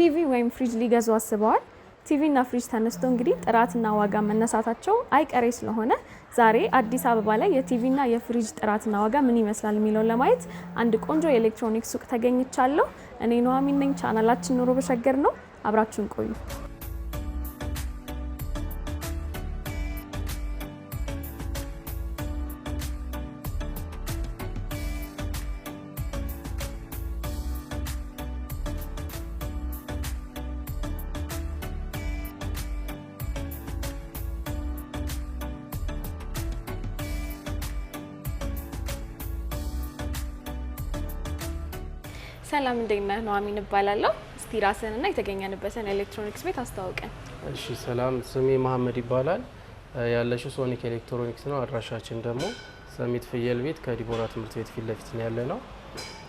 ቲቪ ወይም ፍሪጅ ሊገዙ አስበዋል። ቲቪና ፍሪጅ ተነስቶ እንግዲህ ጥራትና ዋጋ መነሳታቸው አይቀሬ ስለሆነ ዛሬ አዲስ አበባ ላይ የቲቪና የፍሪጅ ጥራትና ዋጋ ምን ይመስላል የሚለውን ለማየት አንድ ቆንጆ የኤሌክትሮኒክስ ሱቅ ተገኝቻለሁ። እኔ ነዋሚነኝ ቻናላችን ኑሮ በሸገር ነው። አብራችሁን ቆዩ። ሰላም እንዴት ነህ? ኑሐሚን እባላለሁ። እስቲ ራስንና የተገኘንበትን ኤሌክትሮኒክስ ቤት አስተዋውቀን። እሺ፣ ሰላም ስሜ መሀመድ ይባላል። ያለሽው ሶኒክ ኤሌክትሮኒክስ ነው። አድራሻችን ደግሞ ሰሚት ፍየል ቤት ከዲቦራ ትምህርት ቤት ፊት ለፊት ነው ያለ ነው።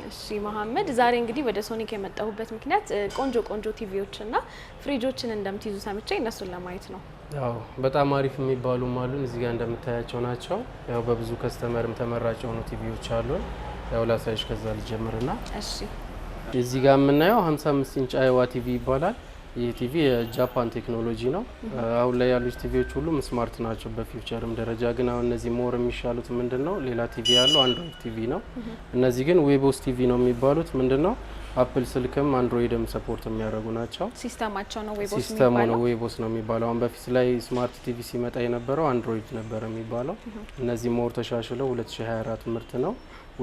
እሺ መሀመድ፣ ዛሬ እንግዲህ ወደ ሶኒክ የመጣሁበት ምክንያት ቆንጆ ቆንጆ ቲቪዎችና ፍሪጆችን እንደምትይዙ ሰምቼ እነሱን ለማየት ነው። ያው በጣም አሪፍ የሚባሉ አሉን እዚህ ጋር እንደምታያቸው ናቸው። ያው በብዙ ከስተመርም ተመራጭ የሆኑ ቲቪዎች አሉን። ያው ላሳይሽ ከዛ ልጀምርና እሺ እዚህ ጋር የምናየው 55 ኢንች አይዋ ቲቪ ይባላል። ይህ ቲቪ የጃፓን ቴክኖሎጂ ነው። አሁን ላይ ያሉት ቲቪዎች ሁሉም ስማርት ናቸው በፊውቸርም ደረጃ ግን አሁን እነዚህ ሞር የሚሻሉት ምንድን ነው፣ ሌላ ቲቪ ያለው አንድሮይድ ቲቪ ነው። እነዚህ ግን ዌቦስ ቲቪ ነው የሚባሉት። ምንድን ነው አፕል ስልክም አንድሮይድም ሰፖርት የሚያደርጉ ናቸው። ሲስተማቸው ነው ዌቦስ ሲስተሙ ነው ዌቦስ ነው የሚባለው። አሁን በፊት ላይ ስማርት ቲቪ ሲመጣ የነበረው አንድሮይድ ነበር የሚባለው። እነዚህ ሞር ተሻሽለው 2024 ምርት ነው።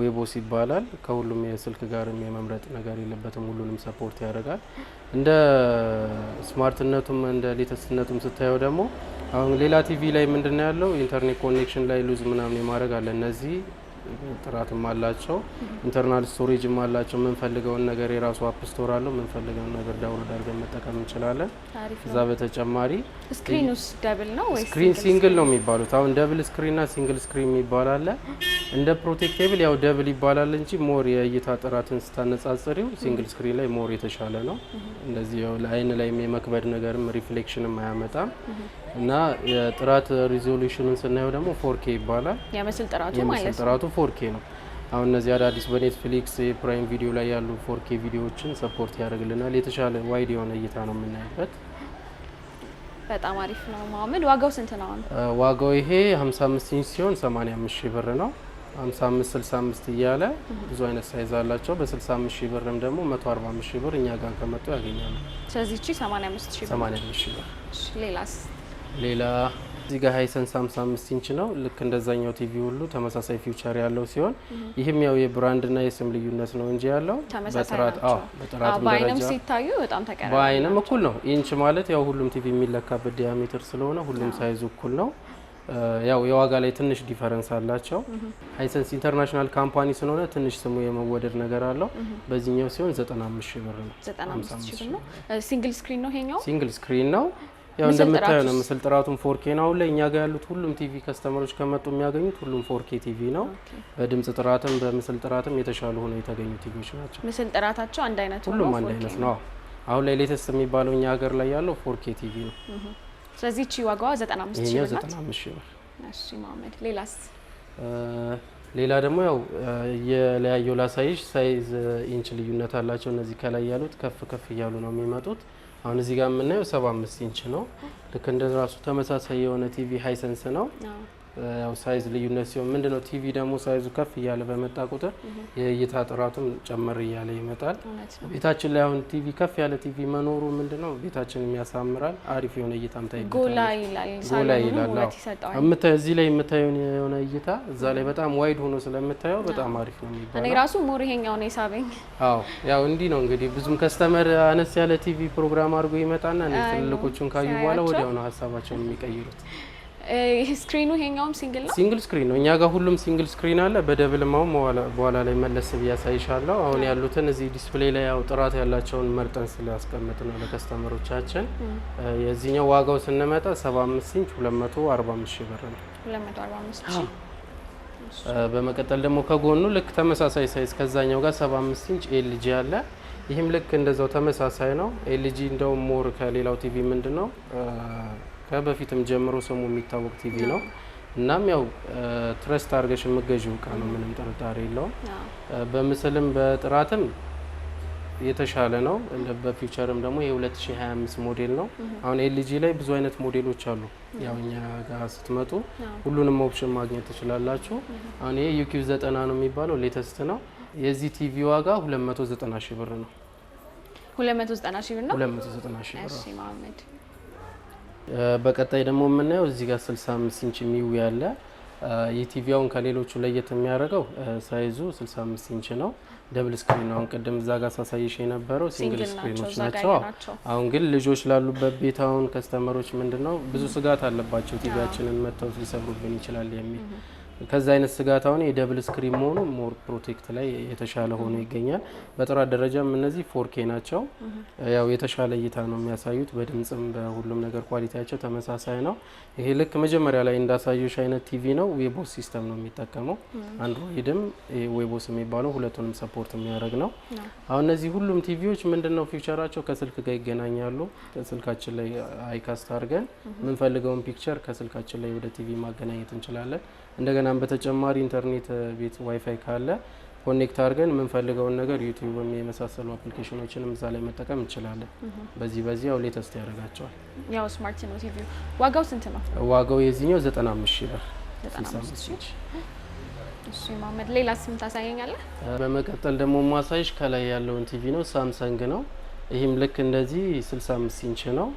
ዌቦስ ይባላል። ከሁሉም የስልክ ጋርም የመምረጥ ነገር የለበትም። ሁሉንም ሰፖርት ያደርጋል። እንደ ስማርትነቱም እንደ ሌተስትነቱም ስታየው ደግሞ አሁን ሌላ ቲቪ ላይ ምንድነው ያለው ኢንተርኔት ኮኔክሽን ላይ ሉዝ ምናምን የማድረግ አለ። እነዚህ ጥራትም አላቸው፣ ኢንተርናል ስቶሬጅም አላቸው። የምንፈልገውን ነገር የራሱ አፕ ስቶር አለው። የምንፈልገውን ነገር ዳውንሎድ አድርገን መጠቀም እንችላለን። እዛ በተጨማሪ ስክሪን ደብል ነው ስክሪን ሲንግል ነው የሚባሉት። አሁን ደብል ስክሪንና ሲንግል ስክሪን የሚባል አለ እንደ ፕሮቴክቴብል ያው ደብል ይባላል እንጂ ሞር የእይታ ጥራትን ስታነጻጽሪው ሲንግል ስክሪን ላይ ሞር የተሻለ ነው። እንደዚህ ያው ለአይን ላይ የመክበድ ነገርም ሪፍሌክሽንም አያመጣም እና የጥራት ሪዞሉሽንን ስናየው ደግሞ ፎርኬ ይባላል። የምስል ጥራቱ ማለት ነው። ጥራቱ ፎርኬ ነው። አሁን እነዚህ አዳዲስ በኔትፍሊክስ የፕራይም ቪዲዮ ላይ ያሉ ፎርኬ ቪዲዮዎችን ሰፖርት ያደርግልናል። የተሻለ ዋይድ የሆነ እይታ ነው የምናይበት። በጣም አሪፍ ነው። መሀመድ ዋጋው ስንት ነው? ዋጋው ይሄ 55 ኢንች ሲሆን 85 ሺህ ብር ነው። 55 65 እያለ ብዙ አይነት ሳይዝ አላቸው። በ65 ሺህ ብርም ደግሞ 145 ሺህ ብር እኛ ጋር ከመጡ ያገኛሉ። ስለዚህ እቺ 85 ሺህ ብር 85 ሺህ ብር። ሌላስ? ሌላ እዚህ ጋር ሃይሰንስ 55 ኢንች ነው። ልክ እንደዛኛው ቲቪ ሁሉ ተመሳሳይ ፊውቸር ያለው ሲሆን ይህም ያው የብራንድና የስም ልዩነት ነው እንጂ ያለው በጥራት አዎ፣ በጥራት በአይንም ሲታዩ በጣም ተቀራራቢ፣ በአይንም እኩል ነው። ኢንች ማለት ያው ሁሉም ቲቪ የሚለካበት ዲያሜትር ስለሆነ ሁሉም ሳይዝ እኩል ነው። ያው የዋጋ ላይ ትንሽ ዲፈረንስ አላቸው። ሃይሰንስ ኢንተርናሽናል ካምፓኒ ስለሆነ ትንሽ ስሙ የመወደድ ነገር አለው። በዚህኛው ሲሆን 95 ሺህ ብር ነው። ሲንግል ስክሪን ነው ይሄኛው፣ ሲንግል ስክሪን ነው። ያው እንደምታየው ነው። ምስል ጥራቱን ፎርኬ ነው። አሁን ላይ እኛ ጋር ያሉት ሁሉም ቲቪ ከስተመሮች ከመጡ የሚያገኙት ሁሉም ፎርኬ ቲቪ ነው። በድምጽ ጥራትም በምስል ጥራትም የተሻሉ ሆነው የተገኙ ቲቪዎች ናቸው። ምስል ጥራታቸው አንድ አይነት ሁሉም አንድ አይነት ነው። አሁን ላይ ሌተስት የሚባለው እኛ ሀገር ላይ ያለው ፎርኬ ቲቪ ነው። ስለዚህ እቺ ዋጋዋ 95 ሺህ ብር 95 ሺህ ብር። እሺ መሀመድ፣ ሌላስ? ሌላ ደግሞ ያው የለያየው ላሳይሽ፣ ሳይዝ ኢንች ልዩነት አላቸው። እነዚህ ከላይ ያሉት ከፍ ከፍ እያሉ ነው የሚመጡት። አሁን እዚህ ጋር የምናየው 75 ኢንች ነው። ልክ እንደ ራሱ ተመሳሳይ የሆነ ቲቪ ሃይሰንስ ነው። ያው ሳይዝ ልዩነት ሲሆን ምንድን ነው ቲቪ ደግሞ ሳይዙ ከፍ እያለ በመጣ ቁጥር የእይታ ጥራቱም ጨመር እያለ ይመጣል። ቤታችን ላይ አሁን ቲቪ ከፍ ያለ ቲቪ መኖሩ ምንድን ነው ቤታችንም ያሳምራል። አሪፍ የሆነ እይታም ምታይ ጎላ ይላል። እዚህ ላይ የምታየውን የሆነ እይታ እዛ ላይ በጣም ዋይድ ሆኖ ስለምታየው በጣም አሪፍ ነው የሚባለው። እኔ ራሱ ሞር ይሄኛው ነው የሳበኝ። አዎ ያው እንዲህ ነው እንግዲህ ብዙም ከስተመር አነስ ያለ ቲቪ ፕሮግራም አድርጎ ይመጣና ትልልቆቹን ካዩ በኋላ ወዲያው ነው ሀሳባቸውን የሚቀይሩት። ስክሪኑ eh, ይሄኛውም ሲንግል ነው። ሲንግል ስክሪን ነው። እኛ ጋር ሁሉም ሲንግል ስክሪን አለ። በደብልማው በኋላ ላይ መለስ ብያሳይሻለሁ። አሁን ያሉትን እዚህ ዲስፕሌይ ላይ ያው ጥራት ያላቸውን መርጠን ስላስቀምጥ ነው ለከስተመሮቻችን። የዚህኛው ዋጋው ስንመጣ 75 ኢንች 245 ሺህ ብር ነው። 245 ሺህ በመቀጠል ደግሞ ከጎኑ ልክ ተመሳሳይ ሳይዝ ከዛኛው ጋር 75 ኢንች ኤልጂ አለ። ይህም ልክ እንደዛው ተመሳሳይ ነው። ኤልጂ እንደውም ሞር ከሌላው ቲቪ ምንድነው ከበፊትም ጀምሮ ስሙ የሚታወቅ ቲቪ ነው። እናም ያው ትረስት አድርገሽ የምገዥ እቃ ነው፣ ምንም ጥርጣሬ የለውም። በምስልም በጥራትም የተሻለ ነው። በፊውቸርም ደግሞ የ2025 ሞዴል ነው። አሁን ኤልጂ ላይ ብዙ አይነት ሞዴሎች አሉ። ያው እኛ ጋር ስትመጡ ሁሉንም ኦፕሽን ማግኘት ትችላላችሁ። አሁን ይሄ ዩኪው 90 ነው የሚባለው፣ ሌተስት ነው። የዚህ ቲቪ ዋጋ 290 ሺህ ብር ነው። 290 ሺህ ብር ነው። 290 ሺህ ብር በቀጣይ ደግሞ የምናየው እዚህ ጋር 65 ኢንች ሚው ያለ የቲቪያውን ከሌሎቹ ለየት የሚያደርገው ሳይዙ 65 ኢንች ነው። ደብል ስክሪን አሁን ቅድም እዛ ጋር ሳሳይሽ የነበረው ሲንግል ስክሪኖች ናቸው። አሁን ግን ልጆች ላሉበት ቤት አሁን ከስተመሮች ምንድን ነው ብዙ ስጋት አለባቸው ቲቪያችንን መጥተው ሊሰብሩብን ይችላል የሚል ከዛ አይነት ስጋት አሁን የደብል ስክሪን መሆኑ ሞር ፕሮቴክት ላይ የተሻለ ሆኖ ይገኛል። በጥራት ደረጃም እነዚህ ፎርኬ ናቸው። ያው የተሻለ እይታ ነው የሚያሳዩት። በድምጽም በሁሉም ነገር ኳሊቲያቸው ተመሳሳይ ነው። ይሄ ልክ መጀመሪያ ላይ እንዳሳየሽ አይነት ቲቪ ነው። ዌቦስ ሲስተም ነው የሚጠቀመው። አንድሮይድም ዌቦስ የሚባለው ሁለቱንም ሰፖርት የሚያደርግ ነው። አሁን እነዚህ ሁሉም ቲቪዎች ምንድነው ፊውቸራቸው ከስልክ ጋር ይገናኛሉ። ከስልካችን ላይ አይካስት አድርገን የምንፈልገውን ፒክቸር ከስልካችን ላይ ወደ ቲቪ ማገናኘት እንችላለን እንደገና ከዛም በተጨማሪ ኢንተርኔት ቤት ዋይፋይ ካለ ኮኔክት አድርገን የምንፈልገውን ነገር ዩቲዩብም የመሳሰሉ አፕሊኬሽኖችንም እዛ ላይ መጠቀም እንችላለን። በዚህ በዚህ ያው ሌተስት ያደርጋቸዋል። ያው ስማርት ነው ቲቪ። ዋጋው ስንት ነው? ዋጋው የዚህኛው 95 ሺህ ብር። እሺ ማመድ፣ ሌላ ስም ታሳየኛለህ? በመቀጠል ደግሞ ማሳይሽ ከላይ ያለውን ቲቪ ነው፣ ሳምሰንግ ነው። ይህም ልክ እንደዚህ 65 ኢንች ነው።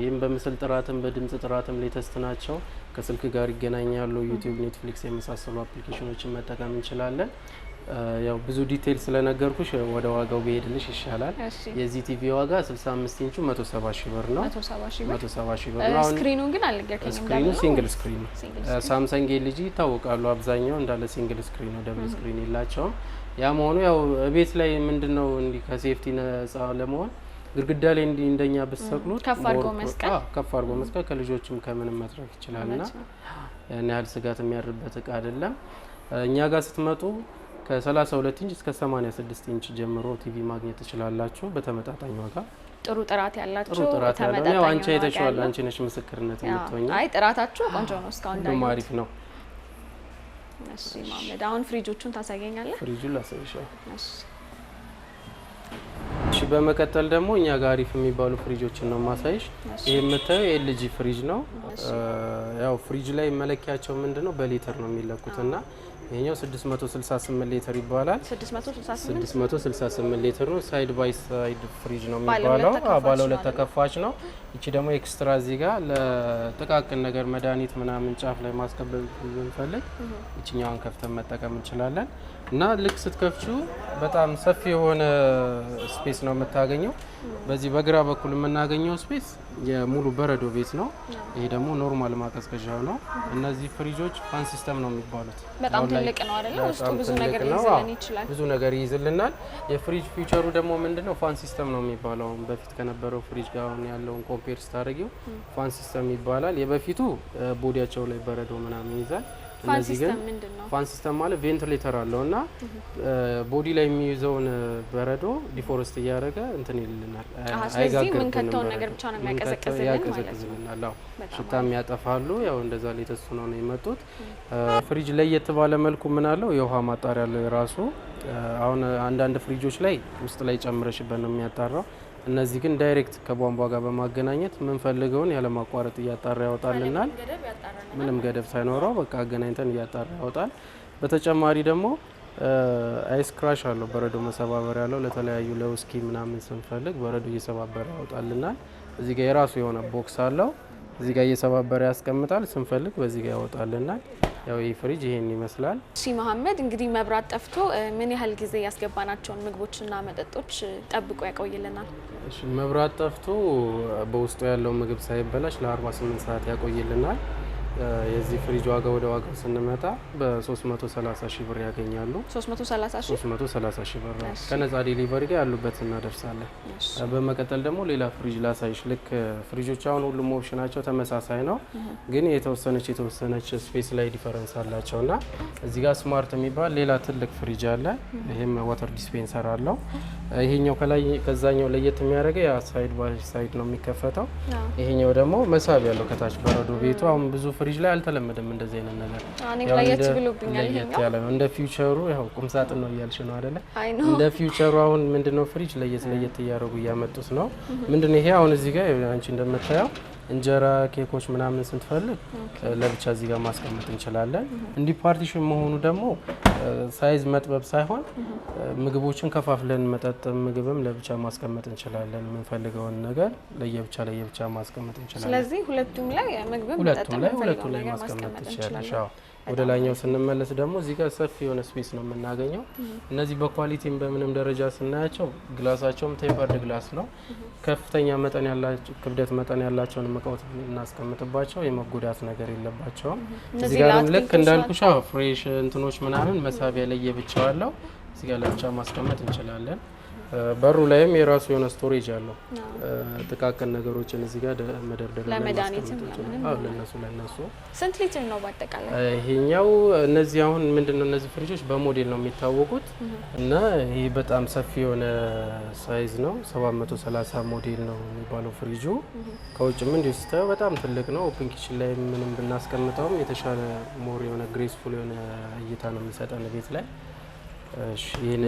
ይህም በምስል ጥራትም በድምጽ ጥራትም ሌተስት ናቸው። ከስልክ ጋር ይገናኛሉ። ዩቲዩብ፣ ኔትፍሊክስ የመሳሰሉ አፕሊኬሽኖችን መጠቀም እንችላለን። ያው ብዙ ዲቴይል ስለነገርኩሽ ወደ ዋጋው ብሄድልሽ ይሻላል። የዚህ ቲቪ ዋጋ 65 ኢንቹ 170 ሺህ ብር ነው። 170 ሺህ ብር ነው። ስክሪኑ ግን አልነገርከኝም። ስክሪኑ ሲንግል ስክሪን ነው። ሳምሰንግ ኤልጂ ይታወቃሉ። አብዛኛው እንዳለ ሲንግል ስክሪን ነው፣ ደብል ስክሪን የላቸውም። ያ መሆኑ ያው ቤት ላይ ምንድነው እንዲህ ከሴፍቲ ነጻ ለመሆን ግድግዳ ላይ እንዲህ እንደኛ ብትሰቅሉት ከፍ አድርጎ መስቀል ከፍ አድርጎ መስቀል ከልጆችም ከምንም መትረፍ ይችላልና ያን ያህል ስጋት የሚያድርበት እቃ አይደለም። እኛ ጋር ስትመጡ ከ32 ኢንች እስከ 86 ኢንች ጀምሮ ቲቪ ማግኘት ትችላላችሁ በተመጣጣኝ ዋጋ ጥሩ ጥራት ያላችሁ ተመጣጣኝ ነው። አንቺ አይተሽዋል። አንቺ ነሽ ምስክርነት የምትሆኝ። አይ ጥራታችሁ ቆንጆ ነው። እስካሁን ደግሞ አሪፍ ነው። እሺ ማመድ፣ አሁን ፍሪጆቹን ታሳየኛለህ? ፍሪጁን ላሳይሻለሁ። እሺ በመቀጠል ደግሞ እኛ ጋር አሪፍ የሚባሉ ፍሪጆችን ነው ማሳይሽ። ይህ የምታየው የኤልጂ ፍሪጅ ነው። ያው ፍሪጅ ላይ መለኪያቸው ምንድን ነው? በሊትር ነው የሚለኩት እና ይሄኛው 668 ሊትር ይባላል። 668 ሊትር ነው። ሳይድ ባይ ሳይድ ፍሪጅ ነው የሚባለው። ባለ ሁለት ተከፋች ነው። ይቺ ደግሞ ኤክስትራ እዚህ ጋር ለጥቃቅን ነገር መድኃኒት ምናምን ጫፍ ላይ ማስቀበል ብንፈልግ ይችኛዋን ከፍተን መጠቀም እንችላለን እና ልክ ስትከፍቹ በጣም ሰፊ የሆነ ስፔስ ነው የምታገኘው። በዚህ በግራ በኩል የምናገኘው ስፔስ የሙሉ በረዶ ቤት ነው። ይሄ ደግሞ ኖርማል ማቀዝቀዣ ነው። እነዚህ ፍሪጆች ፋን ሲስተም ነው የሚባሉት። በጣም ትልቅ ነው አይደለ? ብዙ ነገር ብዙ ነገር ይይዝልናል። የፍሪጅ ፊውቸሩ ደግሞ ምንድነው? ፋን ሲስተም ነው የሚባለው በፊት ከነበረው ፍሪጅ ጋር ያለውን ኮምፔር ስታደርጊው ፋን ሲስተም ይባላል። የበፊቱ ቦዲያቸው ላይ በረዶ ምናምን ይይዛል። እነዚህ ግን ፋን ሲስተም ማለት ቬንትሌተር አለው እና ቦዲ ላይ የሚይዘውን በረዶ ዲፎረስት እያደረገ እንትን ይልልናል፣ ያቀዘቅዝልናል። ሽታም ያጠፋሉ። ያው እንደዛ ሊተሱ ነው ነው የመጡት። ፍሪጅ ለየት ባለ መልኩ ምን አለው የውሃ ማጣሪያ አለው የራሱ። አሁን አንዳንድ ፍሪጆች ላይ ውስጥ ላይ ጨምረሽበት ነው የሚያጣራው እነዚህ ግን ዳይሬክት ከቧንቧ ጋር በማገናኘት የምንፈልገውን ያለማቋረጥ እያጣራ ያወጣልናል። ምንም ገደብ ሳይኖረው በቃ አገናኝተን እያጣራ ያወጣል። በተጨማሪ ደግሞ አይስ ክራሽ አለው፣ በረዶ መሰባበር ያለው ለተለያዩ ለውስኪ ምናምን ስንፈልግ በረዶ እየሰባበረ ያወጣልናል። እዚህ ጋር የራሱ የሆነ ቦክስ አለው። እዚህ ጋር እየሰባበረ ያስቀምጣል። ስንፈልግ በዚህ ጋር ያወጣልናል። ያው ይህ ፍሪጅ ይሄን ይመስላል። እሺ መሀመድ፣ እንግዲህ መብራት ጠፍቶ ምን ያህል ጊዜ ያስገባናቸውን ምግቦችና መጠጦች ጠብቆ ያቆይልናል? እሺ መብራት ጠፍቶ በውስጡ ያለው ምግብ ሳይበላሽ ለ48 ሰዓት ያቆይልናል። የዚህ ፍሪጅ ዋጋ ወደ ዋጋው ስንመጣ በ330 ሺህ ብር ያገኛሉ። 330 ሺህ ብር ከነፃ ዴሊቨሪ ጋር ያሉበት እናደርሳለን። በመቀጠል ደግሞ ሌላ ፍሪጅ ላሳይሽ። ልክ ፍሪጆች አሁን ሁሉም ኦፕሽናቸው ተመሳሳይ ነው፣ ግን የተወሰነች የተወሰነች ስፔስ ላይ ዲፈረንስ አላቸው እና እዚህ ጋር ስማርት የሚባል ሌላ ትልቅ ፍሪጅ አለ። ይህም ዋተር ዲስፔንሰር አለው። ይሄኛው ከላይ ከዛኛው ለየት የሚያደርገው ያ ሳይድ ባይ ሳይድ ነው የሚከፈተው። ይሄኛው ደግሞ መሳቢያ አለው ከታች በረዶ ቤቱ አሁን ብዙ ፍሪጅ ላይ አልተለመደም እንደዚህ አይነት ነገር። ለየት ብሎብኛል። ነው እንደ ፊውቸሩ ያው ቁም ሳጥን ነው እያልሽ ነው አይደለ? እንደ ፊውቸሩ አሁን ምንድነው ፍሪጅ ለየት ለየት እያደረጉ እያመጡት ነው። ምንድነው ይሄ አሁን እዚህ ጋር አንቺ እንደምታየው እንጀራ ኬኮች ምናምን ስንትፈልግ ለብቻ እዚህ ጋር ማስቀመጥ እንችላለን። እንዲህ ፓርቲሽን መሆኑ ደግሞ ሳይዝ መጥበብ ሳይሆን ምግቦችን ከፋፍለን መጠጥ ምግብም ለብቻ ማስቀመጥ እንችላለን። የምንፈልገውን ነገር ለየብቻ ለየብቻ ማስቀመጥ እንችላለን። ስለዚህ ሁለቱም ላይ ምግብም ሁለቱም ላይ ሁለቱም ላይ ማስቀመጥ ትችላለሽ። ወደ ላይኛው ስንመለስ ደግሞ እዚህ ጋር ሰፊ የሆነ ስፔስ ነው የምናገኘው። እነዚህ በኳሊቲም በምንም ደረጃ ስናያቸው ግላሳቸውም ቴፐርድ ግላስ ነው። ከፍተኛ መጠን ያላቸው ክብደት መጠን ያላቸውን እቃዎች እናስቀምጥባቸው የመጎዳት ነገር የለባቸውም። እዚህ ጋርም ልክ እንዳልኩሻ ፍሬሽ እንትኖች ምናምን መሳቢያ ላይ የብቻዋለው እዚህ ጋር ለብቻ ማስቀመጥ እንችላለን። በሩ ላይም የራሱ የሆነ ስቶሬጅ አለው። ጥቃቅን ነገሮችን እዚህ ጋር መደርደሪያ ለነሱ ለነሱ ስንት ሊትር ነው በአጠቃላይ ይሄኛው? እነዚህ አሁን ምንድነው እነዚህ ፍሪጆች በሞዴል ነው የሚታወቁት እና ይህ በጣም ሰፊ የሆነ ሳይዝ ነው። 730 ሞዴል ነው የሚባለው ፍሪጁ። ከውጭም እንዲሁ ስታየው በጣም ትልቅ ነው። ኦፕን ኪችን ላይ ምንም ብናስቀምጠውም የተሻለ ሞር የሆነ ግሬስፉል የሆነ እይታ ነው የሚሰጠን ቤት ላይ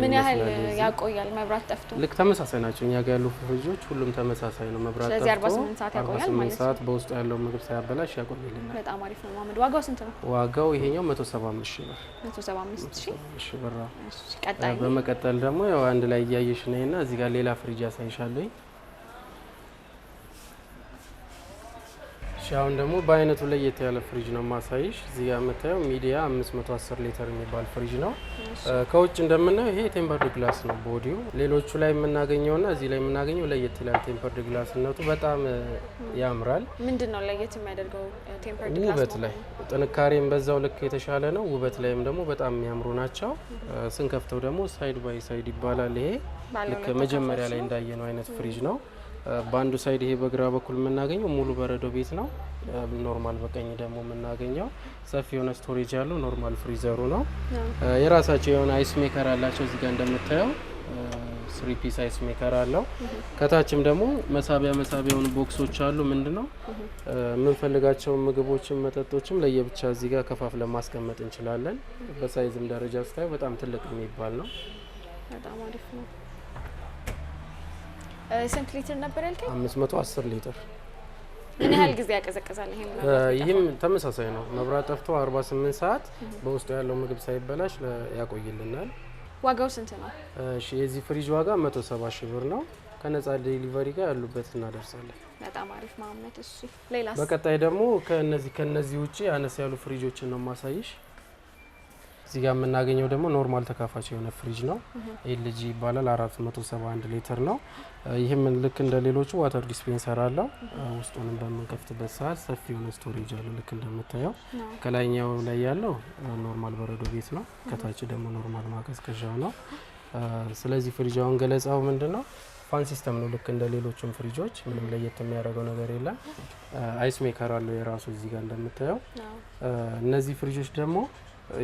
ምን ያህል ያቆያል? መብራት ጠፍቶ ልክ ተመሳሳይ ናቸው። እኛ ጋር ያሉ ፍሪጆች ሁሉም ተመሳሳይ ነው። መብራት ጠፍቶ ስለዚህ 48 ሰዓት ያቆያል ማለት ሰዓት በውስጡ ያለው ምግብ ሳያበላሽ ያቆይልናል። በጣም አሪፍ ነው። መሀመድ ዋጋው ስንት ነው? ዋጋው ይሄኛው 175 ሺህ ብር 175 ሺህ ብር። በመቀጠል ደግሞ ያው አንድ ላይ እያየሽ ነኝና እዚህ ጋር ሌላ ፍሪጅ ያሳይሻለኝ አሁን ደግሞ በአይነቱ ለየት ያለ ፍሪጅ ነው ማሳይሽ። እዚህ ጋር የምታየው ሚዲያ 510 ሊትር የሚባል ፍሪጅ ነው። ከውጭ እንደምናየው ይሄ ቴምፐርድ ግላስ ነው ቦዲው። ሌሎቹ ላይ የምናገኘው ና እዚህ ላይ የምናገኘው ለየት ይላል። ቴምፐርድ ግላስነቱ በጣም ያምራል። ምንድን ነው ለየት የሚያደርገው? ቴምፐርድ ግላስ ውበት ላይ ጥንካሬም በዛው ልክ የተሻለ ነው። ውበት ላይም ደግሞ በጣም የሚያምሩ ናቸው። ስንከፍተው ደግሞ ሳይድ ባይ ሳይድ ይባላል። ይሄ ልክ መጀመሪያ ላይ እንዳየነው አይነት ፍሪጅ ነው። በአንዱ ሳይድ ይሄ በግራ በኩል የምናገኘው ሙሉ በረዶ ቤት ነው። ኖርማል በቀኝ ደግሞ የምናገኘው ሰፊ የሆነ ስቶሬጅ ያለው ኖርማል ፍሪዘሩ ነው። የራሳቸው የሆነ አይስ ሜከር አላቸው። እዚጋ እንደምታየው ስሪ ፒስ አይስ ሜከር አለው። ከታችም ደግሞ መሳቢያ መሳቢያ የሆኑ ቦክሶች አሉ። ነው የምንፈልጋቸውን ምግቦችን መጠጦችም ለየብቻ እዚጋ ከፋፍ ለማስቀመጥ እንችላለን። በሳይዝም ደረጃ ስታዩ በጣም ትልቅ የሚባል ነው። በጣም አሪፍ ነው። ስንት ሊትር ነበር ያልከኝ? አስር ሊትር። ምን ያህል ጊዜ ያቀዘቅዛል? ይህም ተመሳሳይ ነው። መብራት ጠፍቶ ስምንት ሰዓት በውስጡ ያለው ምግብ ሳይበላሽ ያቆይልናል። ዋጋው ስንት ነው? የዚህ ፍሪጅ ዋጋ ሰባ ሺ ብር ነው። ከነጻ ዴሊቨሪ ጋር ያሉበት እናደርሳለን። በጣም አሪፍ ማመት። እሱ ሌላ በቀጣይ ደግሞ ከነዚህ ከነዚህ ውጭ አነስ ያሉ ፍሪጆችን ነው ማሳይሽ እዚህ ጋር የምናገኘው ደግሞ ኖርማል ተካፋች የሆነ ፍሪጅ ነው። ኤልጂ ይባላል። 471 ሊትር ነው። ይህም ልክ እንደ ሌሎቹ ዋተር ዲስፔንሰር አለው። ውስጡንም በምንከፍትበት ሰዓት ሰፊ የሆነ ስቶሬጅ አለው። ልክ እንደምታየው ከላይኛው ላይ ያለው ኖርማል በረዶ ቤት ነው። ከታች ደግሞ ኖርማል ማቀዝቀዣው ነው። ስለዚህ ፍሪጅ አሁን ገለጻው ምንድን ነው? ፋን ሲስተም ነው። ልክ እንደ ሌሎቹም ፍሪጆች ምንም ለየት የሚያደርገው ነገር የለም። አይስ ሜከር አለው የራሱ እዚህ ጋር እንደምታየው። እነዚህ ፍሪጆች ደግሞ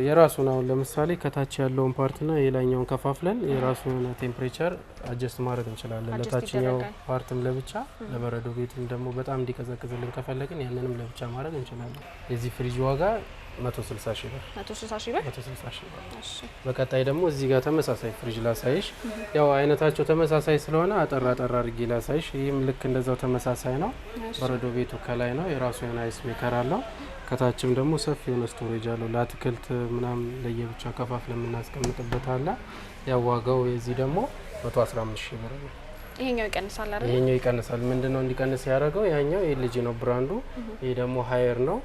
የራሱን አሁን ለምሳሌ ከታች ያለውን ፓርትና የላይኛውን ከፋፍለን የራሱን ቴምፕሬቸር አጀስት ማድረግ እንችላለን። ለታችኛው ፓርትም ለብቻ ለበረዶ ቤትም ደግሞ በጣም እንዲቀዘቅዝልን ከፈለግን ያንንም ለብቻ ማድረግ እንችላለን። የዚህ ፍሪጅ ዋጋ 160 ሺ ብር። 160 ሺህ ብር። ብር። በቀጣይ ደግሞ እዚህ ጋር ተመሳሳይ ፍሪጅ ላሳይሽ። ያው አይነታቸው ተመሳሳይ ስለሆነ አጠራ አጠራ አድርጌ ላሳይሽ። ይህም ልክ እንደዛው ተመሳሳይ ነው። በረዶ ቤቱ ከላይ ነው። የራሱ የሆነ አይስ ሜከር አለው። ከታችም ደግሞ ሰፊ የሆነ ስቶሬጅ አለው ለአትክልት ምናምን ለየብቻ ከፋፍለ የምናስቀምጥበት አለ። ያዋጋው ዋጋው የዚህ ደግሞ 115 ሺህ ብር ነው። ይሄኛው ይቀንሳል አይደል? ይሄኛው ይቀንሳል። ምንድነው እንዲቀንስ ያደረገው? ያኛው ኤልጂ ነው ብራንዱ፣ ይሄ ደግሞ ሀየር ነው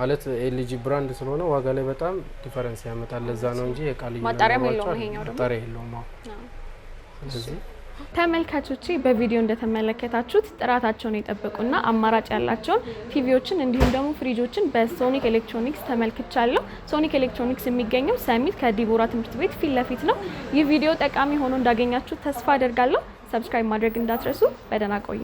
ማለት ኤልጂ ብራንድ ስለሆነ ዋጋ ላይ በጣም ዲፈረንስ ያመጣል። ለዛ ነው እንጂ የቃል ማጣሪያ የለውም። ስለዚህ ተመልካቾቼ በቪዲዮ እንደተመለከታችሁት ጥራታቸውን የጠበቁና አማራጭ ያላቸውን ቲቪዎችን እንዲሁም ደግሞ ፍሪጆችን በሶኒክ ኤሌክትሮኒክስ ተመልክቻለሁ። ሶኒክ ኤሌክትሮኒክስ የሚገኘው ሰሚት ከዲቦራ ትምህርት ቤት ፊት ለፊት ነው። ይህ ቪዲዮ ጠቃሚ ሆኖ እንዳገኛችሁ ተስፋ አደርጋለሁ። ሰብስክራይብ ማድረግ እንዳትረሱ። በደህና ቆዩ።